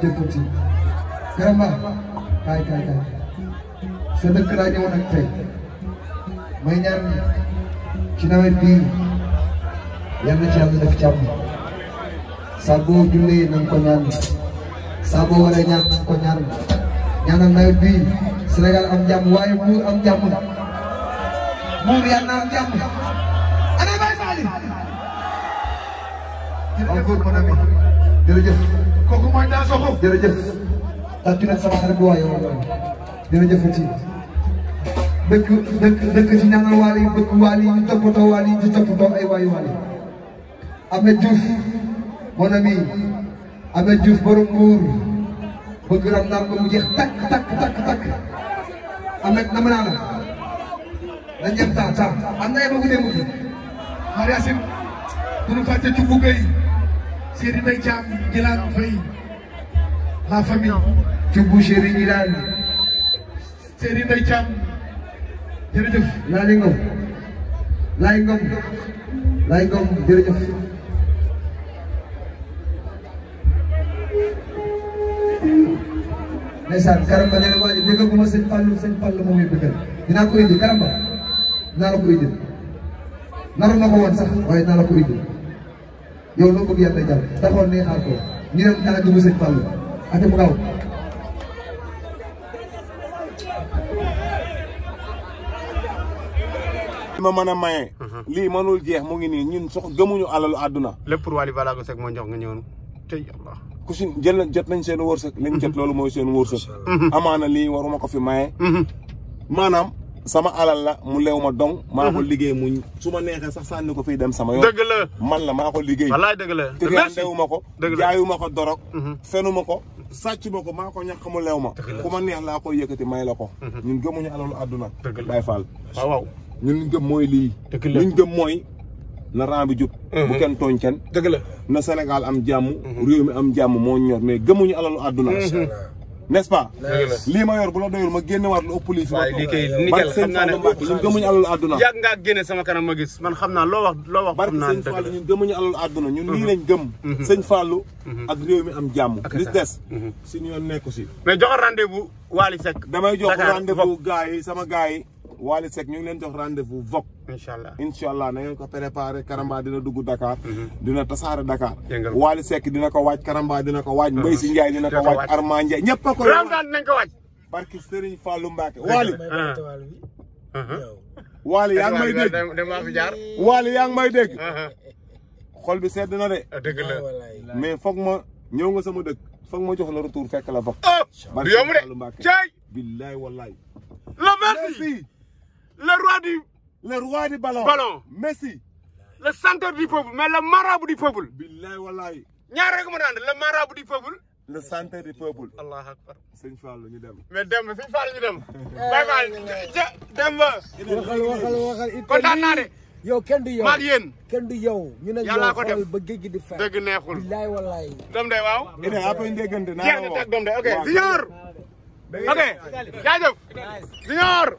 jëkkati Garamba kaay kaay kaay sa dëkk laa ñëwoon tey may ñaan ci nawet bii yal na ci yàlla def jàmm saa boo jullee na nga ko ñaan saa boo ñaan na ko ñaan ñaanal nawet bii Sénégal am jàmm waaye buur am jàmm buur yal na am jàmm ana Baye Faly. jërëjëf encore mon kooku mooy daa soxo jërëjëf daa tuddee sama xarit bu waaye woon loolu jërëjëf ci dëkk dëkk dëkk ci ñaanal waal yi dëkk waal yi ñu toppatoo waal yi ñu toppatoo ay waayu waal yi Ahmed Diouf mon ami Ahmed Diouf borom bëgg ram naan ba mu jeex takk takk takk takk Ahmed dama naa la dañ dem temps temps am na ay bëgg démb fi Maria Sine Seydina Thiam Djilan Faye la famille Thioub Serigne Djilan Seydina Thiam jërëjëf Laali Ngom Laay Ngom Laay Ngom jërëjëf ndeysaan karamba nee na waa ji dégg ma sëñ Fallou sëñ Fallou moom it bëggal dinaa ko indi karamba dinaa la ko indi na ko woon sax waaye yow loo ma mën maye mhm. lii mënul jeex mu ngi nii ñun sox gëmuñu alalu àdduna lépp pour Wally Ballago Seck moo jox nga ñëwoon tey Allah ku si jël na jot nañ seen wërsëg liñ jot mhm. loolu mooy seen wërsëg mhm. amaana lii waruma ko fi maye maanaam sama alal la mu lew ma dong. maa ko mhm. liggéey muñ su ma neexee sax sànni ko fii dem sama yoon. dëgg la man la maa ko liggéey. wallaay dëgg la te lew ma ko. dëgg ma ko dorog. Mhm. fenu ma ko sàcc ma ko maa ko ñàkk mu lew ma. ku ma neex laa koy yëkkati may la ko. Mhm. ñun gëmuñu alalu àdduna. dëgg la Fall. Ah, waaw ñun liñ gëm lii. dëgg la liñ mooy na ran bi jub. bu kenn tooñ na Sénégal am jàmm. am jàmm moo mais gëmuñu alalu àdduna. n'est-ce lii ma yor bu ma génne waat lu ëpp lii fi ma lii kay nickel xam ñun gëmuñu alalu àdduna yàgg ngaa génne sama kanam ma gis man xam naa loo wax loo wax barke sëñ Fallou ñun gëmuñu alalu àdduna ñun lii mhm. lañ gëm mhm. sëñ Fallou mhm. ak réew mi am jàmm li des si ñu yoon nekku si mais joxal rendez-vous Wally Seck damay jox rendez-vous gars yi sama gars yi Wally Seck ñu ngi leen jox rendez-vous Vogue. incha allah incha allah na ngeen ko préparé Karamba dina dugg Dakar. Mhm. dina tasaare Dakar. jëngal Wally Seck dina ko waaj Karamba dina ko waaj. Mhm. Mbaye si Ndiaye dina ko waaj Arma Ndiaye ñëpp a ko. Ramdan dinañ ko waaj. barki Serigne Fallou Mbacke Wally. Ah. Mhm. Wally yaa ngi may dégg Wally yaa ngi xol bi sedd na de. Ah, dëgg ah, mais foog ma ñëw nga sama dëkk. foog ma jox la retour fekk la Vogue. Oh, du yomb de Thiel. billaay wallaay. la la roi du. le roi du ballon ballon. Messi. le centre du peuple mais le marabout du peuple. billaay wallaay. ñaar rek mën a ànd le marabout du peuple. le centre du peuple. allah akbar. sëñ Fall ñu dem. mais dem ba sëñ Fall ñu dem. bay Fall ja dem ba. waxal waxal waxal it kontaan naa yow kenn du yow maag yéen. kenn du yow. ñu ne yow xool ba géej gi di fay. dëgg neexul billaay wallaay. doom de waaw. il est ok. junior. ok jaajëf. junior.